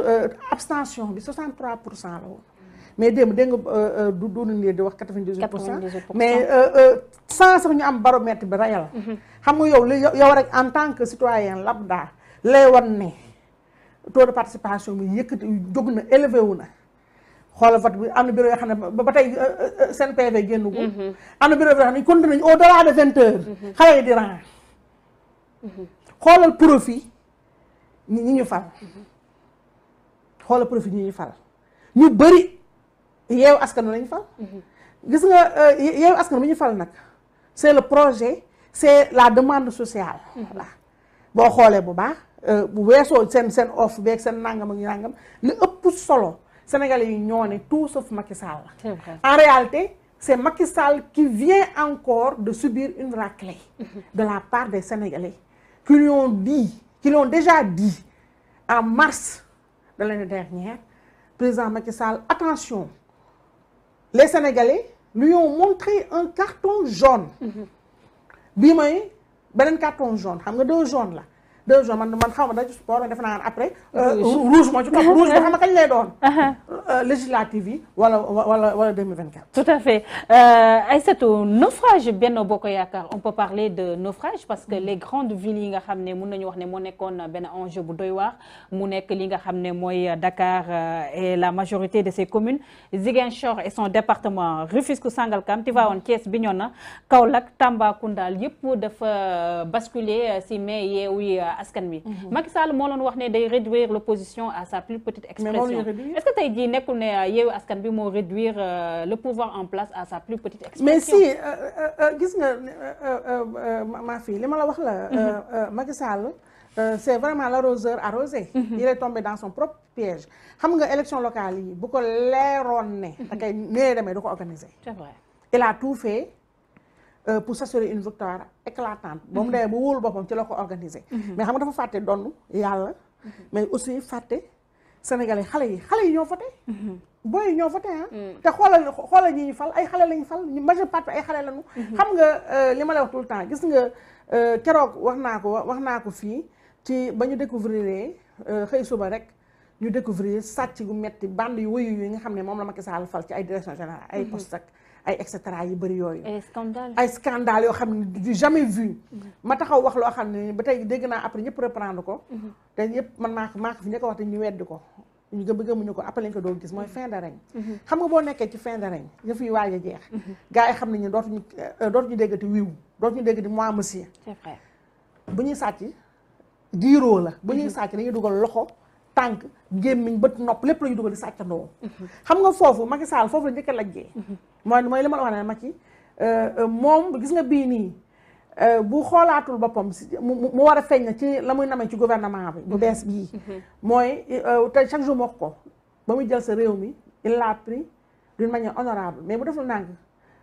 Euh, abstention bi 63 pour cent la woon mais démb dégg nga euh, euh, du doonu nii di wax 98 pour cent mais sans sax ñu am baromètre bi rayal mhm. xam nga yow li yow rek en tant que citoyen lambda lay wan ne taux de participation bi yëkkati jóg na élevé wu na xoolal vote bi am na bureau yoo xam ne ba tey seen PV génn gu mhm. am na bureau yoo xam ne kon nañu au de vingt mhm. xale yi di rang xoolal profit ñi ñu fal xoola profil ñu ñu fal ñu bëri yeewu askan lañu fal gis nga euh, yeewu askan bi ñu fal nag c'est le projet c'est la demande sociale voilà boo xoolee bu baax euh, bu weesoo seen seen offre beeg seen nangam ak nangam li ëpp solo sénégalais yi ñoo ne tout sauf Macky Sall en réalité c'est Macky Sall qui vient encore de subir une raclée de la part des sénégalais qui lui ont dit en mars de l'année dernière président Macky Sall attention les Sénégalais lui ont montré un carton jaune. Mm-hmm. bi mooy beneen carton jaune xam nga deux jaunes la. deux jours man man xaw ma dañ ci sport mais defe naa après. Euh, rouge moo ci topp rouge bi xam nga kañ lay euh, tout à fait euh, Aïssatou naufrage Benno Bokk Yaakaar on peut parler de naufrage parce que mm. les grandes villes yi nga xam ne mun nañu wax ne moo nekkoon benn enjeu bu doy waar mu nekk li nga xam ne mooy Dakar et la majorité de ses communes Ziguinchor et son département Rufisque Sangalkam Tivaouane mm. Thiès Bignona Kaolack Tambacounda yëpp dafa basculer si mais yeewu askan wi. Mhm. Macky Sall moo doon wax ne day réduire l' opposition à sa plus petite expression. est ce que tey jii nekkul ne euh, yeewu askan bi moo réduire euh, le pouvoir en place à sa plus petite expression. mais si euh, gis nga ma fille li ma la wax la. Mhm. Macky Sall. est vraiment l'arroseur arrosé. Mm -hmm. il est tombé dans son propre piège. xam nga élection locale yi bu ko leeroon ne. da mhm. koy nee demee du ko c'est vrai il a tout fait. Euh, pour s'assurer une victoire éclatante ba mu mhm. demee ba wóolu boppam ci la ko organisé mhm. mais xam nga dafa fàtte donn yàlla mhm. mais aussi fàtte sénégalais xale yi xale yi ñoo voté booy yi ñoo voté ah te xoolal xoolal ñi ñu fal ay xale lañu fal ñu majeure partie ay xale lañu xam nga euh, li ma la wax tout le temps gis nga euh, keroog wax naa ko wax naa ko fii ci ba ñu découvrir xëy suba rek ñu découvrir sàcc yu metti bande yu wëyu yi nga xam ne moom la ma Sall fal ci ay direction générale ay mhm. poste ak ay et cetera yu bëri yooyu ay scandale yoo xam ne du jamais vu mhm. ma taxaw wax loo xam ne ba tey dégg naa après ñëpp reprendre ko mhm. te ñëpp man maa maa ko fi ñëkk wax te ñu weddi ko ñu gëm gëmuñu ko après lañ ko doon gis mooy fin de règne xam nga boo nekkee ci fin de règne yëf yi waaj a jeex gars yi xam nañu dootuñu euh, dootuñu déggati wiiw dootuñu déggati moi monsieur c'est vrai bu ñuy sàcc giiroo la bu ñuy sàcc dañuy dugal loxo tànk gémmiñ bët nopp lépp la dugal di sàccandoo xam nga foofu Macky Sall foofu la njëkk a lajjee mooy mooy li ma la wax ne Macky euh, euh, moom gis nga bii nii euh, bu xoolaatul boppam mu war a feeñ na ci la muy namee ci gouvernement bi bu bees bii mooy te chaque jour mu ko ba muy jël sa réew mi il l'a pris d'une manière honorable mais bu deful nànk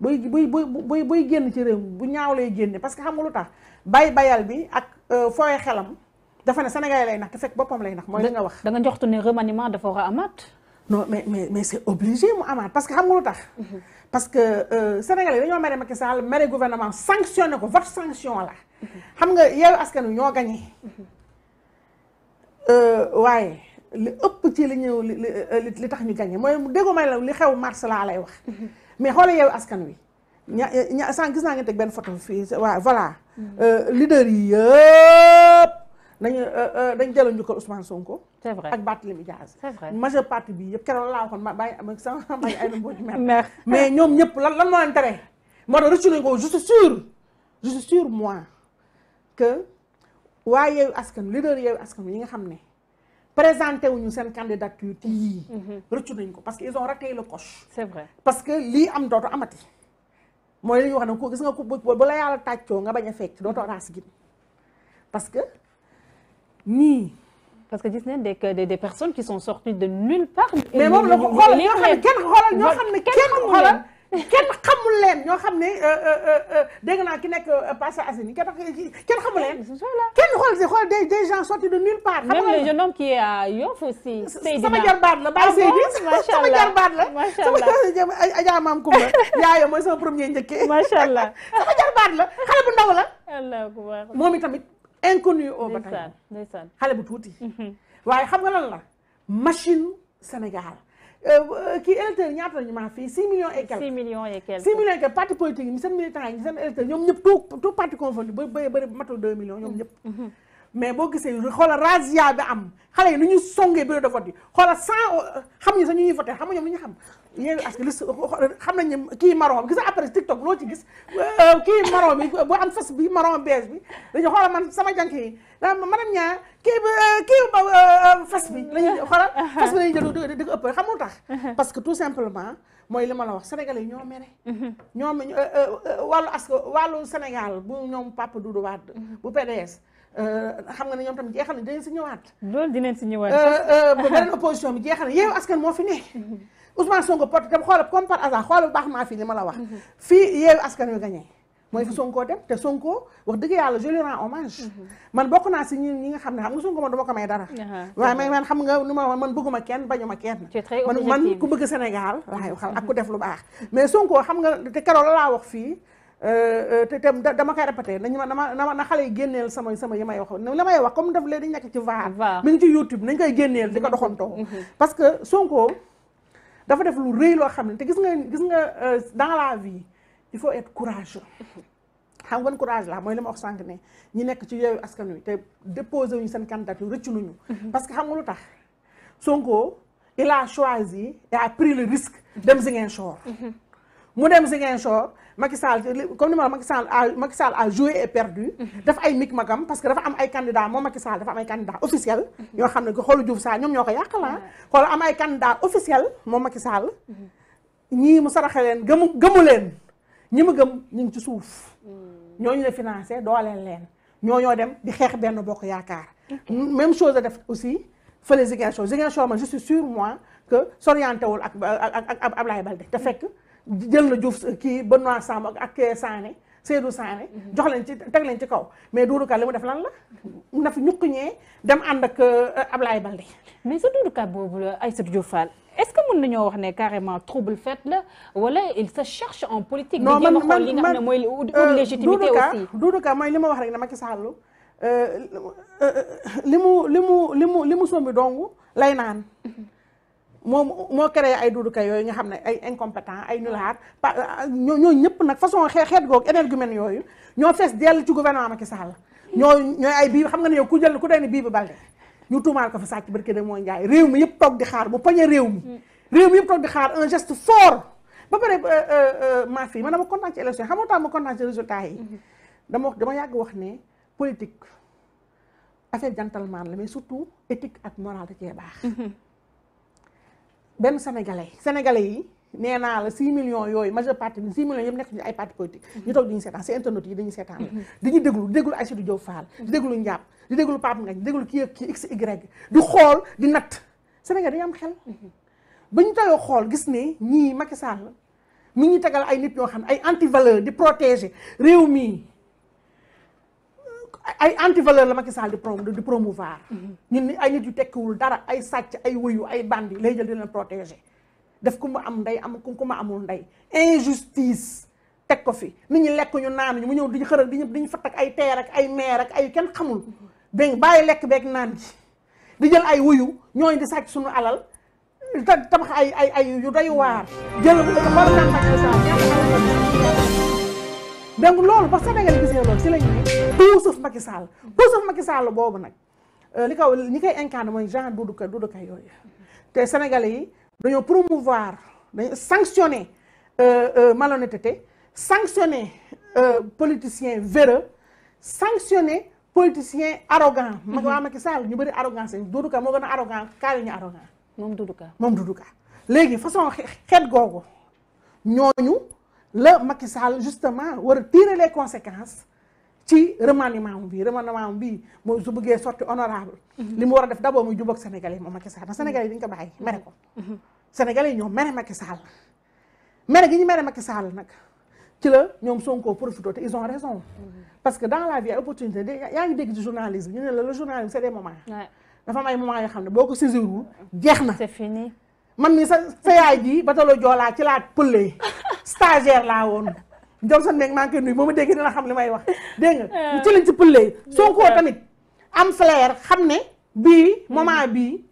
buy buy buy buy génn ci réew mi bu ñaaw lay génne parce que xam nga lu tax bay bayal bi ak fooye xelam dafa ne sénégalais lay nax te fekk boppam lay nax mooy li nga wax. da nga joxtu ne dafa war a amaat. non mais mais mais c'est obligé mu amaat parce que xam nga lu tax. Mhm. parce que euh, sénégalais dañoo mere Macky Sall mere gouvernement sanctionné ko vote sanction la. Mhm. xam nga yeewu askan wi ñoo gagné. Mhm. Euh, waaye li ëpp ci li ñëw li tax ñu gagné mooy déggoo may la li xew mars laa lay wax. mais xoolal yeewu askan wi. ña sànq gis naa nga teg benn photo fii voilà. Euh, leader yi nañu dañ euh, euh, delloo njukkal Ousmane Sonko. c'est vrai ak Barthélémy Diaz. c'est vrai majeure partie bi yëpp keroog laa waxoon ma bàyyi am ak sama bàyyi ay mboj mer. mais ñoom ñëpp lan lan moo leen tere. moo tax rëccu nañ ko je suis sûr je suis sûr moi que waa yeewu askan leader yeewu askan yi nga xam ne présenté wuñu seen candidature ci yii. Mhm. rëccu nañ ko parce que ils ont raté le coche. c'est vrai parce que lii am dootu amati. mooy li ñuy wax ne ku gis nga ku bu la yàlla tàccoo nga bañ a fekk dootoo raas gi parce que. ñii parce que gis nañ des personnes qui sont sorties de nulle part. mais moom la ko xoolal ñoo xam ne kenn xoolal kenn xoolal kenn xamul ki nekk euh, Parcelles Assainies kenn xamul leen. kenn xool si xool des des gens sortis de nulle part. xam même le jeune homme qui est à Yoff aussi. Seydina ah sama jarbaat la Baye Seydi macha allah sama la. macha allah sama Adja Maam Kumba mooy sama premier njëkkee. macha allah sama jarbaat la xale bu ndaw la. allah moom itamit. inconnu au bataillon xale bu tuuti mhm. waaye xam nga lan la machine Sénégal euh, euh, kii électeurs ñaata la ñu maa fii six millions et quelques six millions et quelques six millions et quelques parti yi seen militants yi ñoom ñëpp tout tout parti confondu ba ba bëri matul deux millions ñoom mhm. ñëpp mhm. mais boo gisee xoolal razzia bi am xale yi lu ñu songee bureau de vote yi xoolal sans xam ni sax ñu ñuy voté xam nga ñoom li ñu xam yéen parce que xam nañu kii marron bi gis nga après TikTok loo euh, bi bu am fas bi marron beige bi dañu sama jànk yi da madame ñaa kii euh, euh, bi lañuy xoolal fas bi lañuy jël di ko parce que tout simplement mooy li ma la wax sénégalais ñoo mere ñoom wàllu as Sénégal bu ñoom Papa Doudou Wade bu PDS Euh, xam nga ne ñoom tam jeexal na dinañ si ñëwaat. loolu dinañ si ñëwaat. Euh, euh, beneen opposition bi jeexal na yeewu askan moo fi ne. Ousmane Sonko porte tam xoolal comme par hasard xoolal bu baax maa fii li ma la wax. fii yeewu askan wi gagné. mooy fi Sonko dem te Sonko wax dëgg yàlla je lui rends man bokk naa si ñi nga xam ne xam nga Sonko man duma ko may dara. waaye may man xam nga nu ma man bëgguma kenn bañuma kenn. man man ku bëgg Sénégal. waaye def lu baax mais xam nga laa wax fii Euh, euh, te tam dama koy répété nañu ma dama na xale yi génneel sama sama yi may wax la may wax comme daf lee dañ nekk ci vaar mi ngi ci YouTube nañ koy génneel di ko mm-hmm. doxantoo mm-hmm. parce que Sonko dafa def lu rëy loo xam ne te gis nga gis nga euh, dans la vie il faut être courageux mm-hmm. xam nga courage la mooy li ma sànq ne ñi nekk ci askan wi te déposé wuñu seen candidature rëccu nañu parce que xam nga lu tax Sonko il a choisi et a pris le risque dem Ziguinchor mu dem Ziguinchor Macky Sall comme ni ma la Macky Sall a Macky Sall a joué et perdu. dafa ay mig magam parce que dafa am ay candidats moom Macky Sall dafa am ay candidats officiels. xam ne xoolu Diouf Sarr ñoom ñoo ko yàq la ah. xool am ay candidats officiels moom Macky Sall. ñii mu saraxe leen gëmu gëmu leen ñi mu gëm ñu ngi ci suuf. Mm. ñooñu la financé dooleel leen ñoo ñoo dem di xeex benn bokk yaakaar. même chose def aussi fële Ziguinchor Ziguinchor man je suis sûr moi que s'orienté wul ak ak ak Ablaye Balde te fekk. jël na Diouf kii Benoît Sambou ak ak Sané Seydou Sané mhm. jox leen ci teg leen ci kaw mais Doudou Ka li mu def lan la na fi ñukk ñee dem ànd ak euh, Ablaye Balde mais sa Doudou Ka boobu Aïssatou Diouf Fall est-ce que mën nañoo wax ne carrément trouble fait la wala il se cherche en politique non man man li nga xam ne mooy euh, légitimité aussi Doudou Ka mooy li ma wax rek ne Macky Sall li euh, mu li mu li mu li mu sombi dong lay naan mhm. moom moo créé ay duuduka yooyu nga xam ne ay incompétent ay nulaar par ñoo ñoo ñëpp nag façon xee xeet googu énergumène yooyu ñoo fees dell ci gouvernement Macky Sall ñoo ñooy ay bii xam nga ne yow ku jël ku day ne bii bi balde ñu tuumaal ko fa sàcc barke da moo njaay réew mi yëpp toog di xaar bu poñe mm. réew mi yëpp toog di xaar un geste fort ba pare euh, euh, euh, maa fii man ma kontaan ci élection xam nga tam ma kontaan ci résultat yi mm-hmm. dama wax dama yàgg wax ne politique affaire gentleman la mais surtout éthique ak morale da cee baax mm-hmm. benn sénégalais sénégalais yi nee naa la 6 million yooyu majeure partie bi 6 millions yëpp nekk ñu ay parti politique mm-hmm. ñu toog di ñu seetaan si internet yi dañuy seetaan la mm-hmm. dañuy déglu di déglu Aïssatou Diop Fall di mm-hmm. déglu njàpp di déglu Pape Ngagne di déglu kii ak kii x y di xool di natt Sénégal dañu am xel ba ñu tayoo xool gis ne ñii Macky Sall mu ngi tegal ay nit ñoo xam ne ay antivaleur valeur di protéger réew mii ay antivaleur la Macky Sall di prom di promouvoir. Mm-hmm. ñun ni ay nit yu tekkiwul dara ay sàcc ay wuyu ay bandi lay jël di leen protéger def ku ma am ndey am ku ma amul ndey injustice teg ko fi nit ñi lekk ñu naan ñu mu ñëw diñu xëral diñu diñu fatt ak ay teer ak ay meer ak ay kenn xamul mm-hmm. dégg bàyyi lekk beeg naan ji di jël ay wuyu ñooñu di sàcc suñu alal tabax ay ay ay yu doy waar jël war naa Macky Sall donc loolu ba Sénégal gisee loolu si lañu ne puusuf Macky Sall puusuf Macky Sall boobu nag euh, li kaw ñi koy incarné mooy genre Doudou Ka Doudou Ka yooyu te Sénégalais yi dañoo promouvoir dañoo sanctionner euh, euh, malhonnêteté sanctionner politicien véreux sanctionner politicien arrogant mm-hmm. mag waa Macky Sall ñu bëri arrogant seen Doudou Ka moo gën a arrogant kaa ñu arrogant moom Doudou Ka moom Doudou léegi façon xeet googu ñooñu la Macky Sall justement war a tirer les conséquence ci remaniement am bii remaniement am bii mooy su bëggee sorti honorable mhm. li mu war a def d'abord mu jubóog sénégalais moom Macky Sall ndax sénégalais yi dañu ko bàyyi mhm. mere ko mhm. sénégalais yi ñoom mere Macky Sall mere gi ñu mere Macky Sall nag ci la ñoom Sonko profité te ils ont raison parce que dans la vie opportunité yaa ngi dégg ci journalisme ñu ne la le journalisme c'est des moments dafa am ay yoo xam ne boo ko saisirul jeex na c'est man mi sa sa yaay ji ba taloo joolaa ci laa pëllee stagiaire laa woon Johnson meeg maa ngi koy nuyu ba ma dégg dana xam li may wax dégg nga. Ah. ci lañ ci pëllee Sonko tamit am flair xam ne bii moment bii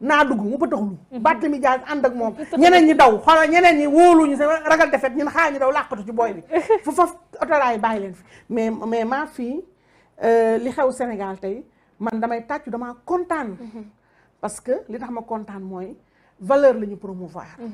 naa dugg mu pëtaxlu mhm. Barthélémy Dias ànd ak moom ñeneen ñi daw xoolal ñeneen ñi wóoluñu sa ragal defet ñun xaar ñu daw làqatu ci booy bi fu faf otoraay bàyyi leen fi mais mais maa fii euh, li xew Sénégal tey man damay tàccu damaa kontaan mhm. parce que li tax ma kontaan mooy valeur la ñu